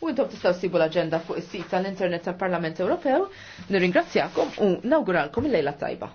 u intom tistaw sibu l-agenda fuq is-sit tal-Internet tal-Parlament Ewropew. Nirringrazzjakom u nawguralkom il-lejla tajba.